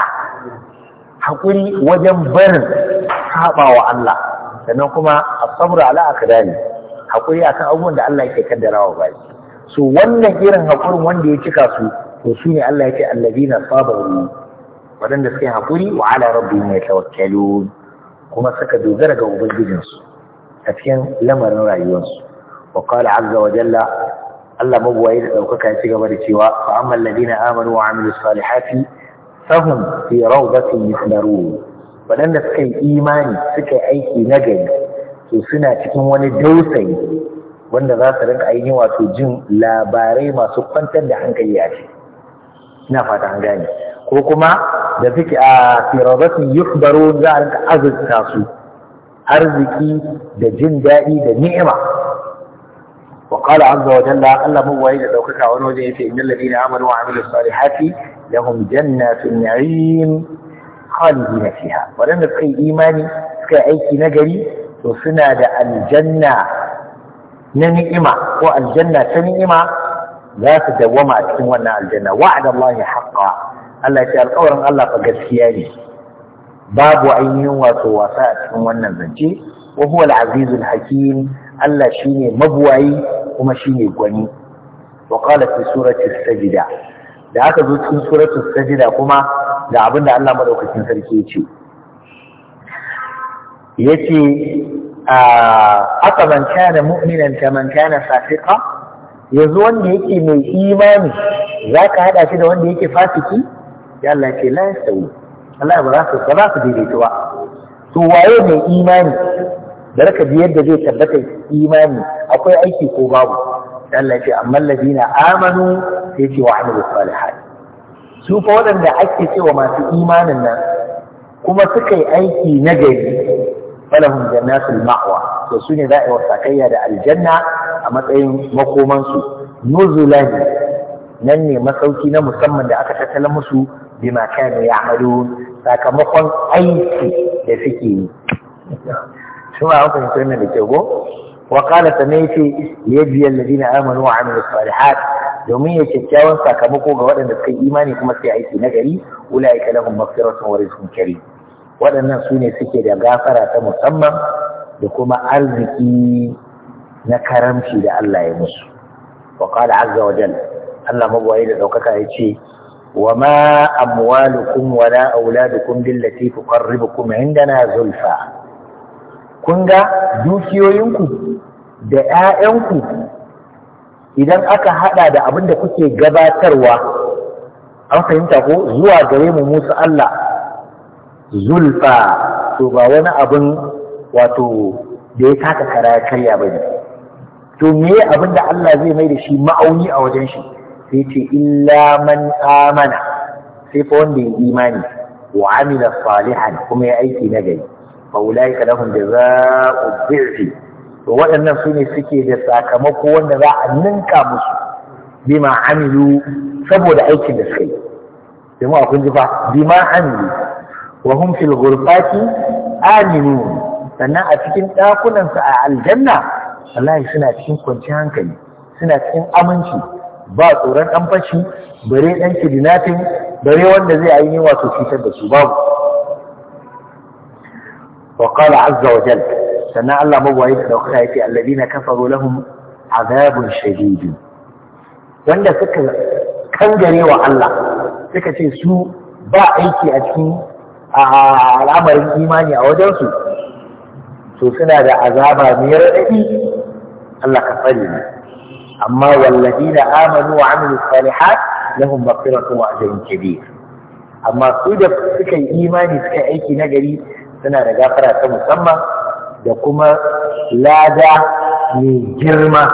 haƙuri wajen barin saɓa wa Allah sannan kuma a ala'a ala akadari haƙuri akan abubuwan da Allah yake kaddarawa bai so wannan irin haƙurin wanda ya cika su to su ne Allah ya ce allazina sabaru waɗanda suka yi haƙuri wa ala rabbi mai tawakkalu kuma suka dogara ga ubangijinsu a cikin lamarin rayuwarsu wa qala azza wa jalla Allah magwaye da ɗaukaka ya ci gaba da cewa fa amma alladina amanu wa amilus salihati fahum fi rawdatin yusdarun waɗanda suka yi imani suka yi aiki na gari to suna cikin wani dausayi wanda za su rinka ainihin wato jin labarai masu kwantar da hankali a ina fata an gane ko kuma da suke a firabatun yukbaru za a rinka azurta su arziki da jin daɗi da ni'ima wa qala azza wa jalla Allah da daukaka wani waje yace innal ladina amanu wa amilus salihati lahum jannatun na'im khalidina fiha wadanda suka yi imani suka yi aiki nagari to suna da aljanna na ni'ima ko aljanna ta ni'ima za su dawwama a cikin wannan aljanna wa'adallahi haqqan Allah ce alƙawarin Allah fa gaskiya ne babu ainihin wato wasa a cikin wannan zance wa huwa al-azizul hakim Allah shine mabuwayi kuma shine gwani wa qala fi surati sajda da aka zo cikin suratul sajda kuma ga abin da Allah madaukakin sarki ya ce yace aka man kana mu'minan kaman kana fasiqa yanzu wanda yake mai imani zaka hada shi da wanda yake fasiki ya Allah ce la yasawi Allah ba za su ba za su daidaito ba to waye mai imani da raka bi yadda zai tabbata imani akwai aiki ko babu Allah ce amma ladina amanu sai ce wa amilus salihat su fa waɗanda ake cewa masu imanin nan kuma suka yi aiki na gari falahum jannatul ma'wa to su ne za a yi wasakayya da aljanna a matsayin makomansu nuzulan nan ne masauki na musamman da aka tattala musu bima kanu Amadu sakamakon aiki da suke yi shi ma an da ke go wa qala ta ya ce yajiya alladina amanu wa amilus salihat domin ya kyakkyawan sakamako ga waɗanda suka imani kuma sai aiki na gari ulaika lahum maghfiratun wa rizqun karim waɗannan su ne suke da gafara ta musamman da kuma arziki na karamci da Allah ya musu wa qala azza wa jalla Allah magwaye da daukaka ya ce وما أموالكم ولا أولادكم بالتي تقربكم عندنا زلفى كنغا دوكيوينكو da ‘ya'yanku idan aka haɗa da abin da kuke gabatarwa an fahimta ko zuwa gare mu musu Allah zulfa to ba wani abin wato da ya taka kara karya ba ne to meye abin da Allah zai mai da shi ma'auni a wajen shi sai ce illa man amana sai fa wanda ya imani wa amila salihan kuma ya aiki na gari fa ulaika lahum jazaa'u dhi'fi to waɗannan su ne suke da sakamako wanda za a ninka musu bima amilu saboda aikin da suka yi jama'a kun ji fa bima amilu wa hum fil ghurfati sannan a cikin ɗakunansu a aljanna wallahi suna cikin kwanciyar hankali suna cikin aminci ba tsoron ɗan fashi bare ɗan kidnapping bare wanda zai ayi wato cutar da su babu wa qala azza wa jal sannan Allah mabwayi da dauka yake alladina kafaru lahum azabun shadid wanda suka kangare wa Allah suka ce su ba aiki a cikin al'amarin imani a wajensu to suna da azaba mai raɗaɗi Allah ka ne amma wallafi na Amadu wa amilu salihat lahum maghfiratun wa ajrun kabir amma su da suka yi imani suka aiki nagari suna da gafara ta musamman da kuma lada mai girma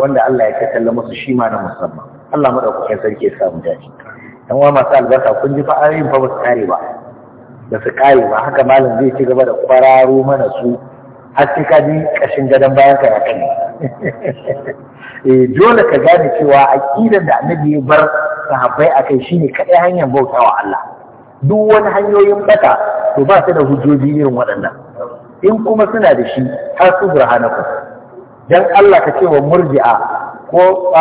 wanda Allah ya kasalla musu shi ma na musamman Allah madaukakin sarki ya samu dace dan masu albarka kun ji fa ayoyin fa ba su kare ba da su kare ba haka malam zai ci gaba da kwararo mana su har sai ka ji kashin gadon bayan ka ya kan <laughs> eh dole ka gane cewa aqidar da annabi ya bar sahabbai kai shine kaɗai hanyar bautawa Allah duk wani hanyoyin bata to ba su da hujjoji irin waɗannan in kuma suna da shi har su burhanaku dan Allah ka cewa murji'a ko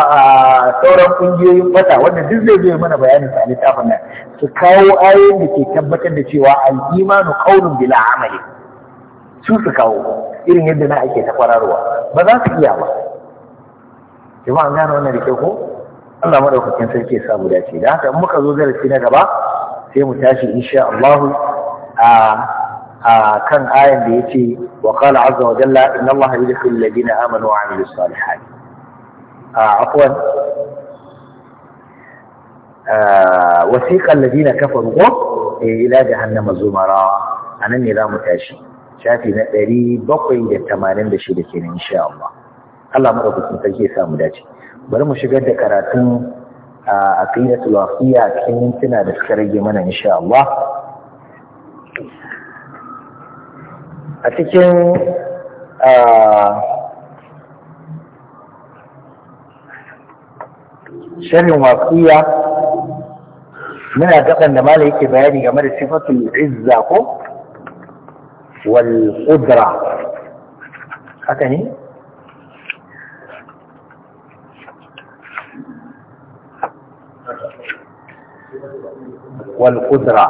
sauran kungiyoyin bata wanda duk zai zo mana bayanin ta littafin nan su kawo ayoyin da ke tabbatar da cewa al-imanu qawlun bila amali su su kawo irin yadda na ake ta kwararowa ba za su iya ba jama'a gane wannan da ko Allah madaukakin sarki ya samu dace da haka in muka zo zarafi na gaba sai mu tashi insha Allah a a kan ayan da yace wa qala azza wa jalla inna Allah yudkhilul ladina amanu wa amilus salihat a afwan wasiqa alladina kafaru eh, ila jahannama zumara anan ne za mu tashi shafi na ɗari bakwai da tamanin da shida nan sha Allah Allah sun sarki ya samu dace bari mu shigar da karatun a tulafiya a cikin mintuna da suka rage mana sha Allah a cikin shirin wasiya muna gaban da malai yake bayani game da sifatul izza ko والقدرة haka ne walƙudura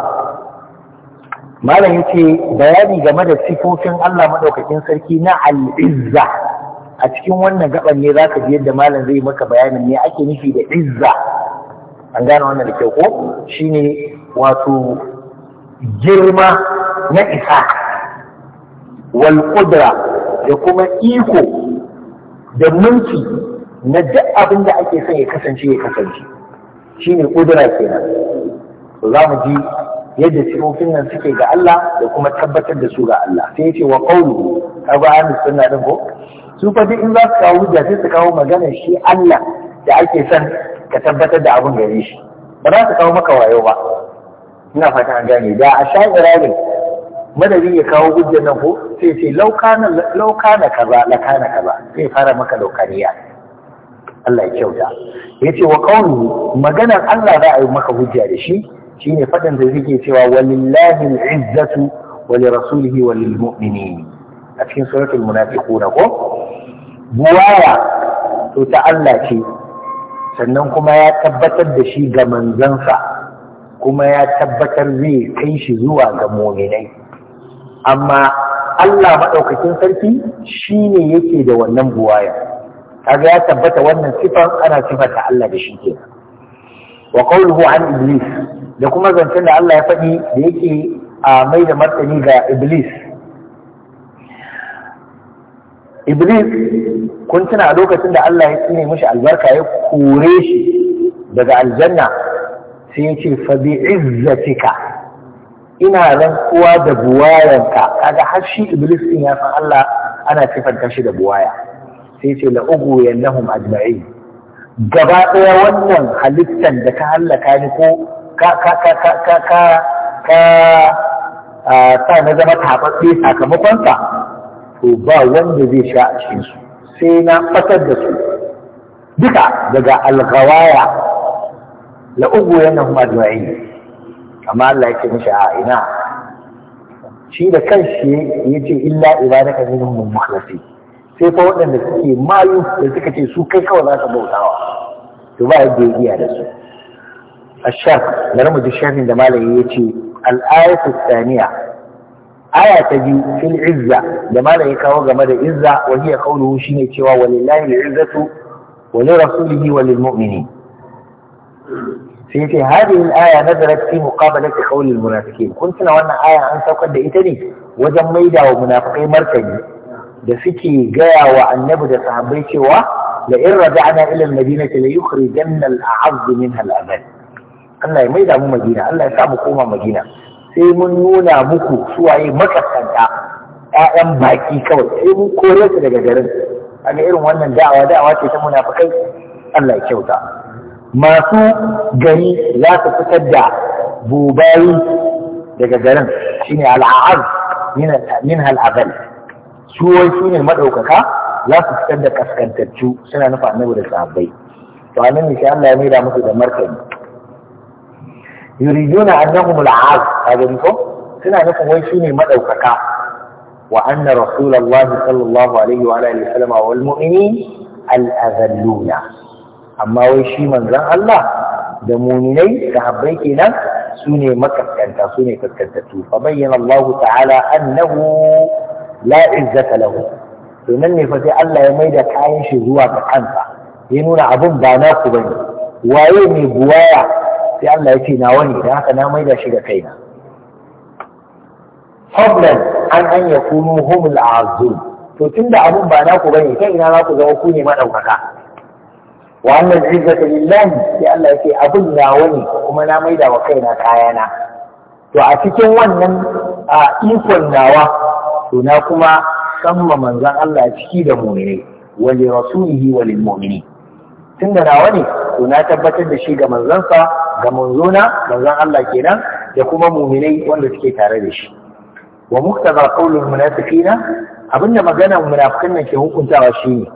malam yake bayani game da sifofin Allah maɗaukakin sarki na al'izza a cikin wannan gaban ne za ka ji yadda malam zai maka bayanin ne ake nufi da izza an gane wannan da kyau ko shine wato girma na isa wal da kuma iko da mulki na duk abin da ake son ya kasance ya kasance shine qudra kenan to za mu ji yadda sifofin nan suke ga Allah da kuma tabbatar da su ga Allah sai yace wa qawlu kaga an sunna din ko su fa duk in za su kawo hujja sai su kawo magana shi Allah da ake son ka tabbatar da abin gare shi ba za su kawo maka wayo ba ina fata an gane da a sha ne madadin ya kawo hujjar nan ko sai ce laukana kaza lakana kaza sai fara maka laukaniya Allah ya kyauta ya ce wa kaunu maganar Allah za a yi maka hujja da shi shine faɗin da zai cewa walillahi al'izzatu wa li rasulihi wa lil mu'minin a cikin suratul munafiqun ko buwaya to ta Allah ce sannan kuma ya tabbatar da shi ga manzansa kuma ya tabbatar zai kai shi zuwa ga mu'minai amma Allah maɗaukakin sarki shi ne yake da wannan buwaya kaga ya tabbata wannan sifan ana sifata Allah da shi kenan wa qawluhu an iblis da kuma zancen da Allah ya faɗi da yake a mai da martani ga iblis iblis kun tuna a lokacin da Allah ya tsine mishi albarka ya kore shi daga aljanna sai ya ce fa bi izzatika ina rantsuwa da buwayanka kaga har shi iblis din ya san Allah ana sifanta shi da buwaya sai ce la ugu yanahum ajma'in gaba daya wannan halittan da ka halaka ni ko ka ka ka ka ka ka ka ta na zama tababbe sakamakon ka to ba wanda zai sha a cikin su sai na fatar da su duka daga alghawaya la ugu yanahum ajma'in amma Allah ya mishi a ina shi da kanshi ya ce illa ibadaka minhum mukhlasin sai fa waɗanda suke mayu da suka ce su kai kawai za ka bautawa to ba yadda ya iya da su ashar bari mu ji sharhin da malami ya ce al'ayatu thaniya aya ta biyu fil izza da malami ya kawo game da izza wa hiya qawluhu shine cewa walillahi al'izzatu wa li rasulihi wa lil mu'minin sun ce hadin aya nazarat fi muqabalati qawli almunafiqin kun tuna wannan aya an saukar da ita ne wajen maida wa munafikai martani da suke gaya wa annabi da sahabbai cewa la in raja'na ila almadinati la yukhrijanna al'azz minha al'adl Allah ya maida mu Madina Allah ya sa mu koma Madina sai mun nuna muku suwaye makasanta ƴaƴan baki kawai sai mun kore su daga garin kaga irin wannan da'awa da'awa ce ta munafikai Allah ya kyauta masu gani za su fitar da bubayi daga garin shine al'a'az min al'azal su wai su ne maɗaukaka za su fitar da kaskantattu suna nufa annabi da sahabbai to annabi sai Allah ya maida musu da martani yuriduna annahum al'az kaga ko suna nufa wai su ne maɗaukaka wa anna rasulullahi sallallahu alaihi wa alihi wa sallama wal mu'minin al-azalluna amma wai shi manzon Allah da muminai da habbai kenan su ne makaskanta su ne kaskantattu fa bayyana Allah ta'ala annahu la izzata lahu to nan ne fa sai Allah ya maida kayan shi zuwa ga kansa ya nuna abun ba na ku bane waye ne buwaya sai Allah ya ce nawa ne da haka na maida shi ga kaina fadlan an an yakunu humul azum to tunda abun ba na ku bane kai ina za ku zama ku ne madaukaka wannan izzatu lillahi sai Allah ya ce abin nawa ne kuma na maida wa kaina kayana to a cikin wannan a ikon nawa to na kuma sanma manzon Allah ciki da mu'minai wa li rasulihi wa lil tunda nawa ne to na tabbatar da shi ga manzansa ga manzona manzon Allah kenan da kuma mu'minai wanda suke tare da shi wa muktaba qaulul munafiqina abinda maganar munafikan nan ke hukuntawa shine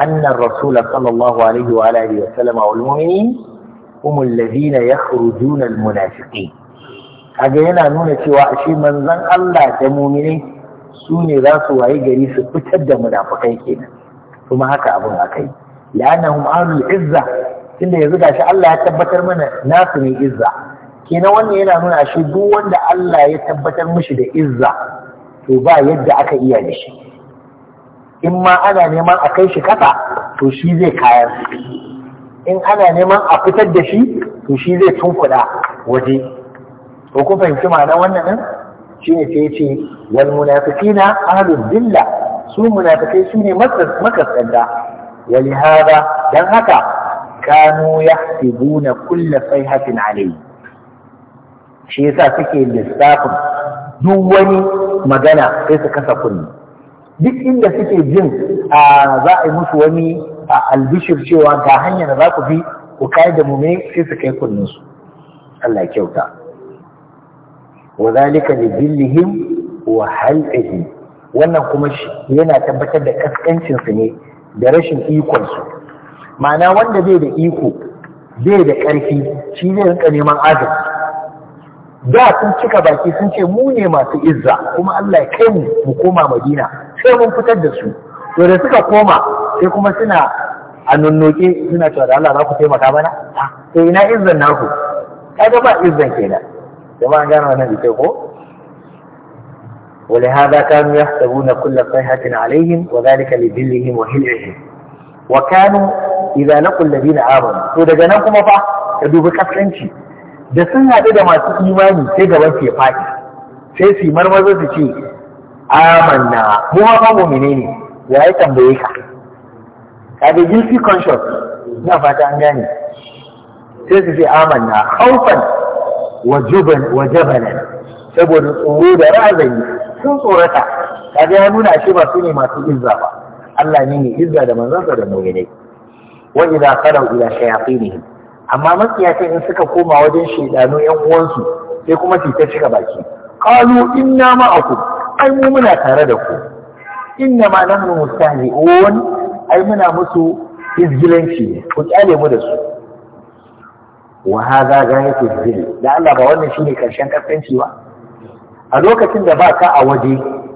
أن الرسول صلى الله عليه وآله وسلم والمؤمنين هم الذين يخرجون المنافقين kaga yana nuna cewa shi manzon Allah da muminai su ne za su waye gari su fitar da munafukai kenan kuma haka abin akai la'annahum ahlul izza tunda yanzu gashi Allah ya tabbatar mana nasu ne izza kenan wannan yana nuna shi duk wanda Allah ya tabbatar mishi da izza to ba yadda aka iya da shi in ma ana neman a kai shi kasa to shi zai kayar in ana neman a fitar da shi to shi zai tunkuɗa waje ko kun fahimci ma'ana wannan shi ne sai yace wal munafiqina ahlul billa su munafikai su ne makaskanda wal hada dan haka kanu yahsibuna kulla sayhatin alayhi shi yasa suke lissafin duk wani magana sai su kasa kunni duk inda suke jin a za a yi musu wani a albishir cewa ga hanyar da za ku bi ku kai da mu sai su kai kunnin su Allah kyauta wa zalika li dillihim wa halqihi wannan kuma yana tabbatar da kaskancin su ne da rashin ikon su ma'ana wanda zai da iko bai da ƙarfi shi zai rinka neman azabi da sun cika baki sun ce mu ne masu izza kuma Allah ya kai mu mu koma Madina sai mun fitar da su to da suka koma sai kuma suna a nunnoke suna cewa da Allah za ku taimaka mana ah, to ina izan naku kaga ba izan kenan jama'a gane wannan da ko ولهذا كانوا يحسبون كل صيحة عليهم وذلك لذلهم وهلعهم وكانوا إذا لقوا الذين آمنوا to daga nan kuma fa ka dubi kaskanci da sun haɗu da masu imani sai gaban ke faɗi su ce amanna mu ma fa mu'mine ne ya yi tambaye ka ka da guilty conscious na fata an gane sai su ce amanna haufan wa juban wa jabalan saboda tsoro da razani sun tsorata kaga ya nuna shi ba su ne masu izza ba Allah ne ne izza da manzansa da mu'minai wa idza qalu ila shayatinihim amma makiyata in suka koma wajen shaidanu yan uwansu sai kuma su ta cika baki qalu inna ma'akum ai mu muna tare da ku inna ma nahnu mustahzi'un ai muna musu izgilanci ne ku kyale mu da su wa hadha ghayatu zil da Allah ba wannan shine karshen kafanci ba a lokacin da ba ka a waje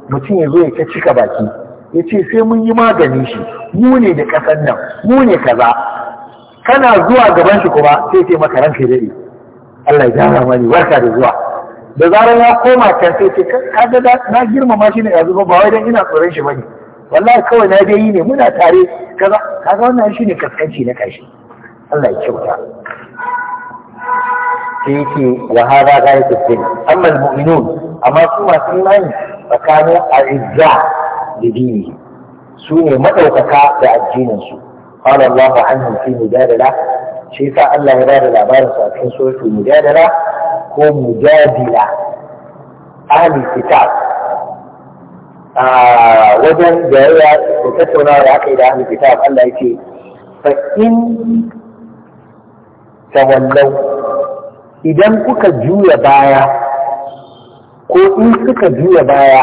mutum ya zo ya cika baki ya ce sai mun yi magani shi mu ne da kasan nan mu ne kaza kana zuwa gaban shi kuma sai ce maka ranka dare Allah ya gyara mani warka da zuwa da zarar ya koma ta sai ce kaga na girmama shi ne yanzu ba wai dan ina tsoron shi bane wallahi kawai na dai yi ne muna tare kaza kaga wannan shi ne kaskanci na kashi Allah ya kyauta sai yake wa hada ga yake sai amma almu'minun amma su masu imani tsakanin al'izza da dini su ne madaukaka da addinin su qala Allahu anhum fi mujadala shi sa Allah ya bada labarin su a cikin suratul mujadala ko mujadila ahli kitab a wajen jayayya da tattauna da aka yi da ahli kitab Allah ya ce fa in tawallau idan kuka juya baya ko in suka juya baya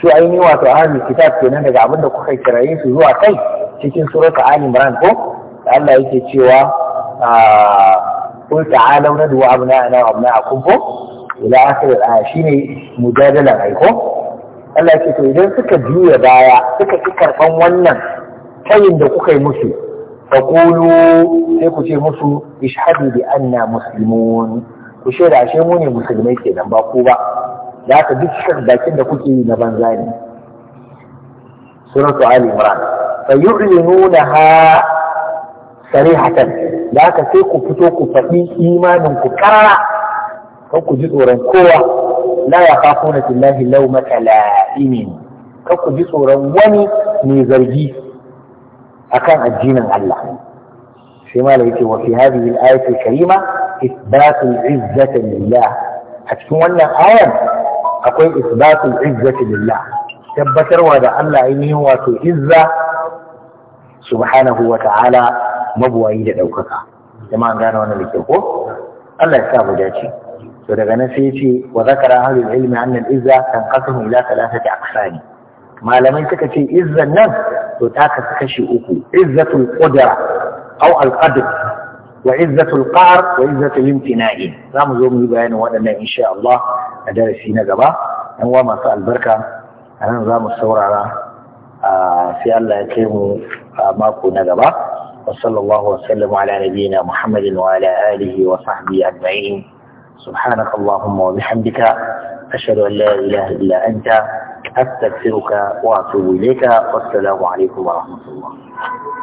su ainihin wato ahli kitab kenan daga abin da kuka kirayi su zuwa kai cikin surata Ali Imran ko da Allah yake cewa قل تعالوا ندعو أبناءنا وأبناءكم ko ila akhir al shine mujadala ai ko Allah ya to idan suka juya baya suka ki karban wannan kayin da kuka yi musu faqulu sai ku ce musu ishhadu bi anna muslimun ku da ashe mu ne musulmai kenan ba ku ba Za ka duk bakin da kuke yi na banza ne suratu ali imran fayu'linunaha sarihatan da haka sai ku fito ku faɗi imanin ku karara kan ku ji tsoron kowa la ya kafu na tillahi lau kan ku ji tsoron wani mai zargi akan addinin Allah sai ma yake wa fi hadhihi al-ayati karima isbatu izzati lillah a cikin wannan ayan akwai isbatu izzati lillah tabbatarwa da Allah ainihin wato izza subhanahu wa ta'ala mabuwayi da ɗaukaka jama'a gane wannan da ko Allah ya sa mu dace to daga nan sai ce wa zakara ahlul ilmi anna izza, izza tanqasimu ila thalathati aqsami malamai suka ce izzan nan to ta kasu kashi uku izzatul qudra aw al-qadr wa izzatul qahr wa izzatul imtina'i za mu zo mu yi bayanin waɗannan insha Allah a darasi na gaba dan wa masu albarka a nan za mu saurara sai Allah ya kai mu mako na gaba وصلى الله وسلم على نبينا محمد وعلى آله وصحبه أجمعين سبحانك اللهم وبحمدك أشهد أن لا إله إلا أنت أستغفرك وأتوب إليك والسلام عليكم ورحمة الله